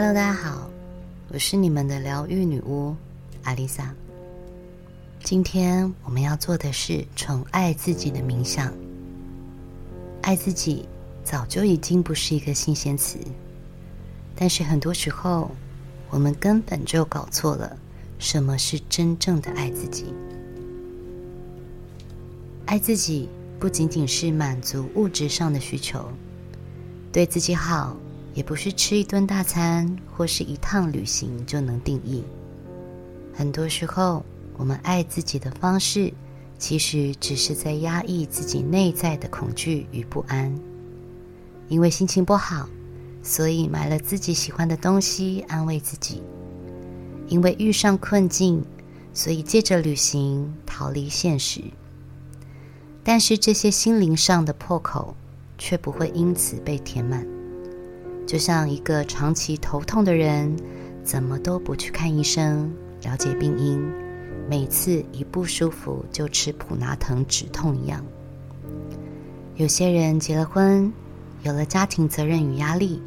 Hello，大家好，我是你們的療癒女巫阿麗莎。今天我們要做的是寵愛自己的冥想。愛自己早就已經不是一個新鮮詞，但是很多時候我們根本就搞錯了什麼是真正的愛自己。愛自己不僅僅是滿足物質上的需求，對自己好。也不是吃一頓大餐，或是一趟旅行，就能定義。很多時候，我們愛自己的方式，其實只是在壓抑自己內在的恐懼與不安。因為心情不好，所以買了自己喜歡的東西安慰自己；因為遇上困境，所以借着旅行逃離現實。但是這些心靈上的破口，卻不會因此被填滿。就像一個長期頭痛的人，怎麼都不去看醫生，了解病因，每次一不舒服就吃普拿疼止痛一樣。有些人結了婚，有了家庭責任與壓力，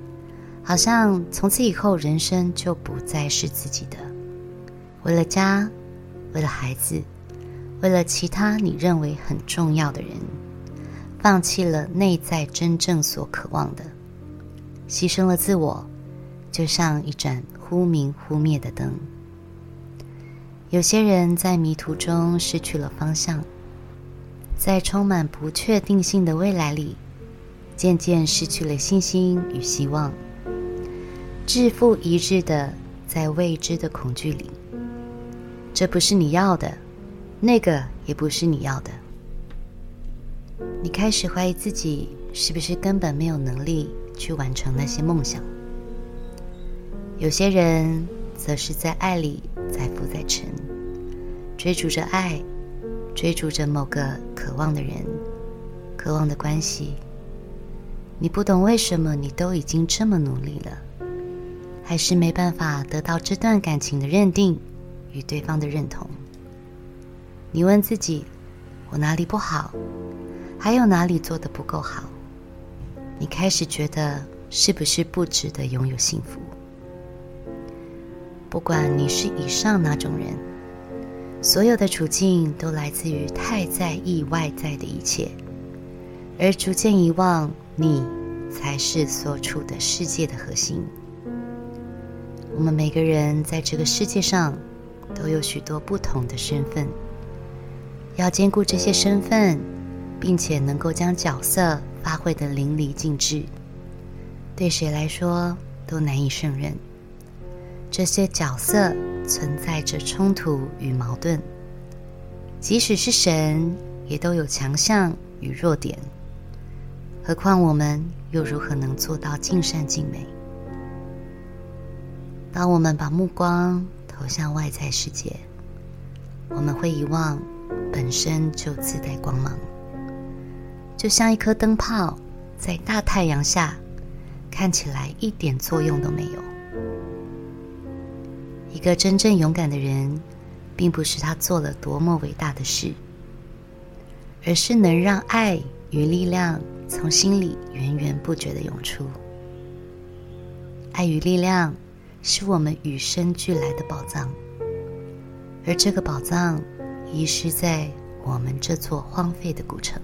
好像從此以後人生就不再是自己的，為了家，為了孩子，為了其他你認為很重要的人，放棄了內在真正所渴望的。犧牲了自我，就像一盞忽明忽滅的燈。有些人在迷途中失去了方向，在充滿不確定性的未來裡，漸漸失去了信心與希望，日復一日的，在未知的恐懼裡。這不是你要的，那個也不是你要的。你開始懷疑自己是不是根本沒有能力。去完成那些夢想。有些人則是在愛裡載浮載沉，追逐着愛，追逐着某個渴望的人、渴望的關係。你不懂為什麼你都已經這麼努力了，還是沒辦法得到這段感情的認定與對方的認同。你問自己：我哪裡不好？還有哪裡做得不夠好？你開始覺得是不是不值得擁有幸福？不管你是以上哪種人，所有的處境都來自於太在意外在的一切，而逐漸遺忘你才是所處的世界的核心。我們每個人在這個世界上都有許多不同的身份，要兼顧這些身份，並且能夠將角色。發揮的淋漓盡緻，對誰來說都難以勝任。這些角色存在着衝突與矛盾，即使是神也都有強項與弱點，何況我們又如何能做到盡善盡美？當我們把目光投向外在世界，我們會遺忘本身就自帶光芒。就像一顆燈泡，在大太陽下，看起來一點作用都沒有。一個真正勇敢的人，並不是他做了多麼偉大的事，而是能讓愛與力量從心裡源源不絕地湧出。愛與力量，是我們與生俱來的寶藏，而這個寶藏，遺失在我們這座荒廢的古城。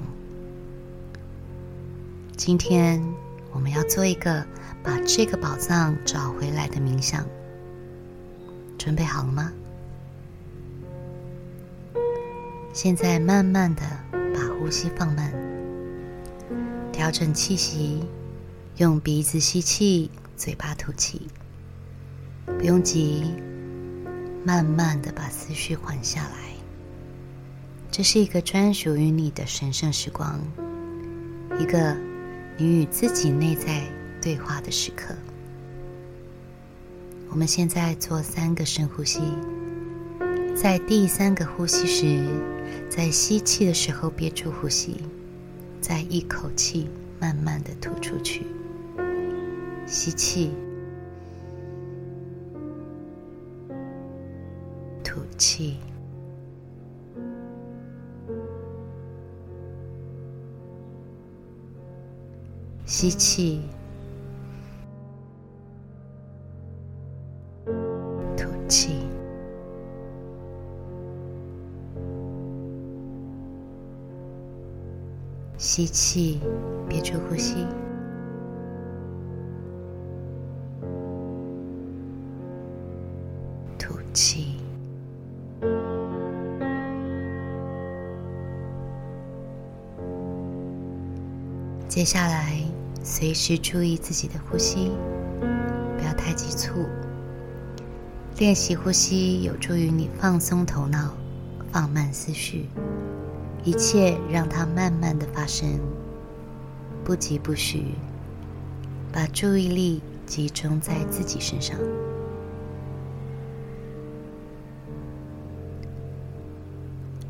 今天我們要做一個把這個寶藏找回來的冥想，準備好了嗎？現在慢慢的把呼吸放慢，調整氣息，用鼻子吸氣，嘴巴吐氣。不用急，慢慢的把思緒緩下來。這是一個專屬於你的神聖時光，一個。你與自己內在對話的時刻。我們現在做三個深呼吸，在第三個呼吸時，在吸氣的時候憋住呼吸，再一口氣慢慢的吐出去。吸氣，吐氣。吸氣，吐氣，吸氣，憋住呼吸，吐氣，接下來。隨時注意自己的呼吸，不要太急促。練習呼吸有助於你放鬆頭腦，放慢思緒，一切讓它慢慢的發生，不疾不徐。把注意力集中在自己身上，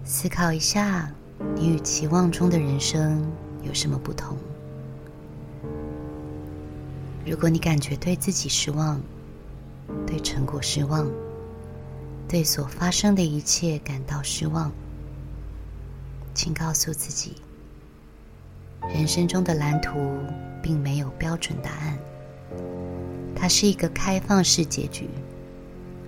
思考一下，你與期望中的人生有什麼不同？如果你感覺對自己失望，對成果失望，對所發生的一切感到失望，請告訴自己：人生中的藍圖並沒有標準答案，它是一個開放式結局，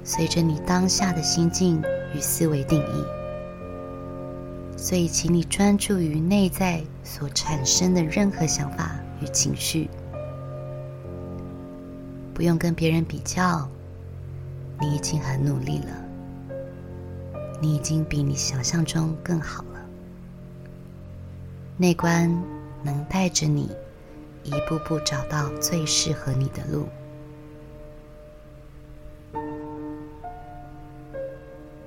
隨着你當下的心境與思維定義。所以，請你專注於內在所產生的任何想法與情緒。不用跟別人比較，你已經很努力了，你已經比你想象中更好了。內觀能帶着你一步步找到最適合你的路。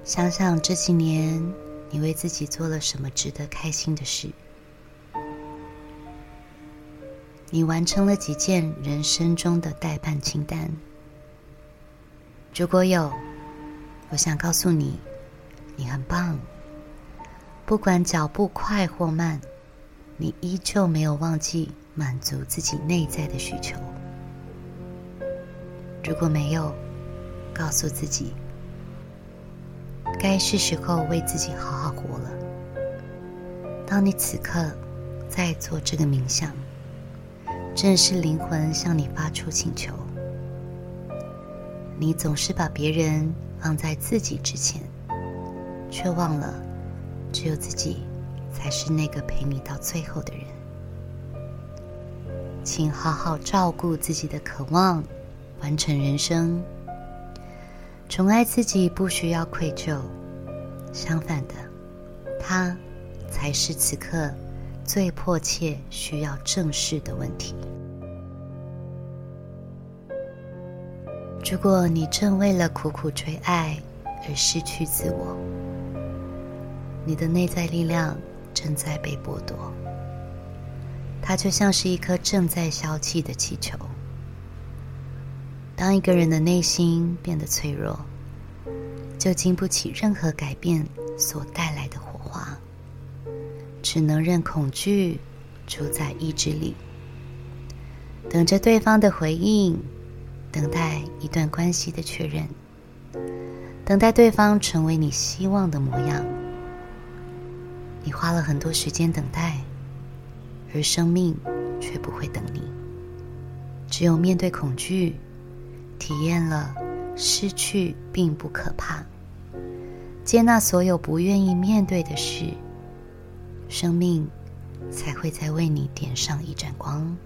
想想這幾年你為自己做了什麼值得開心的事。你完成了幾件人生中的待辦清單？如果有，我想告訴你，你很棒。不管腳步快或慢，你依舊沒有忘記滿足自己內在的需求。如果沒有，告訴自己，該是時候為自己好好活了。當你此刻在做這個冥想。正是靈魂向你發出請求。你總是把別人放在自己之前，卻忘了，只有自己才是那個陪你到最後的人。請好好照顧自己的渴望，完成人生。寵愛自己不需要愧疚，相反的，他才是此刻。最迫切需要正視的問題。如果你正為了苦苦追愛而失去自我，你的內在力量正在被剝奪，它就像是一顆正在消氣的氣球。當一個人的內心變得脆弱，就經不起任何改變所帶來的。只能任恐懼主宰意志力，等着對方的回應，等待一段關係的確認，等待對方成為你希望的模樣。你花了很多時間等待，而生命卻不會等你。只有面對恐懼，體驗了失去並不可怕，接納所有不願意面對的事。生命才會在為你點上一盞光，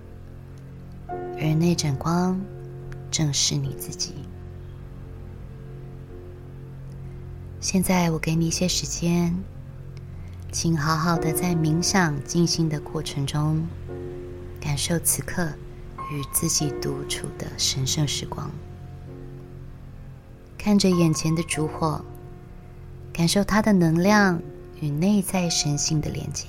而那盞光正是你自己。現在我給你一些時間，請好好的在冥想進行的過程中，感受此刻與自己獨處的神聖時光。看着眼前的燭火，感受它的能量。與內在神性的連接，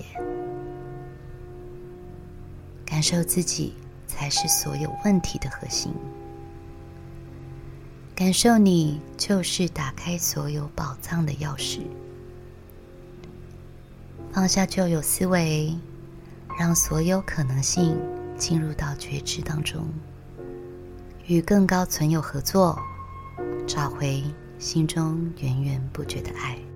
感受自己才是所有問題的核心。感受你就是打開所有寶藏的鑰匙。放下舊有思維，讓所有可能性進入到覺知當中，與更高存有合作，找回心中源源不絕的愛。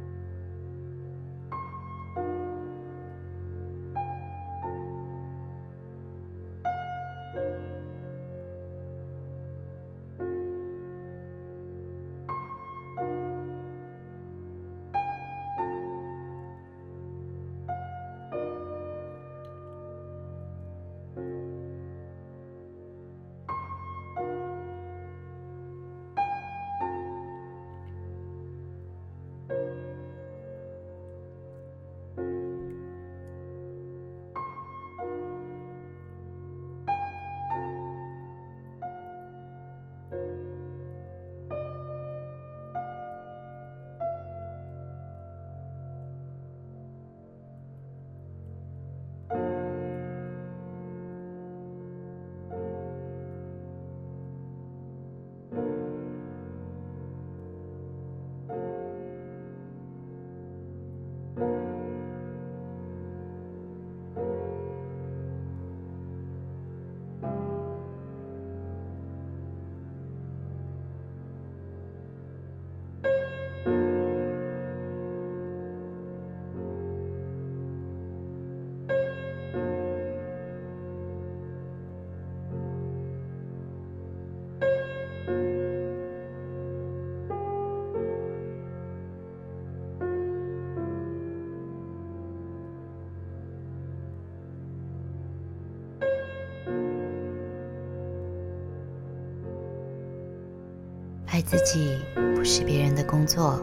愛自己不是別人的工作，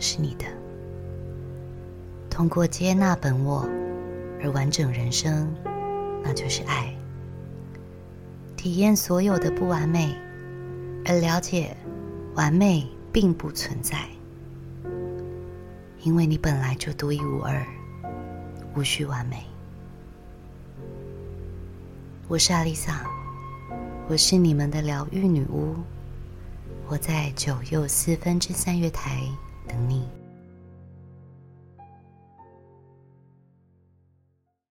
是你的。通過接納本我而完整人生，那就是愛。體驗所有的不完美，而了解完美並不存在，因為你本來就獨一無二，無需完美。我是阿麗薩，我是你們的療癒女巫。我在九又四分之三月台等你。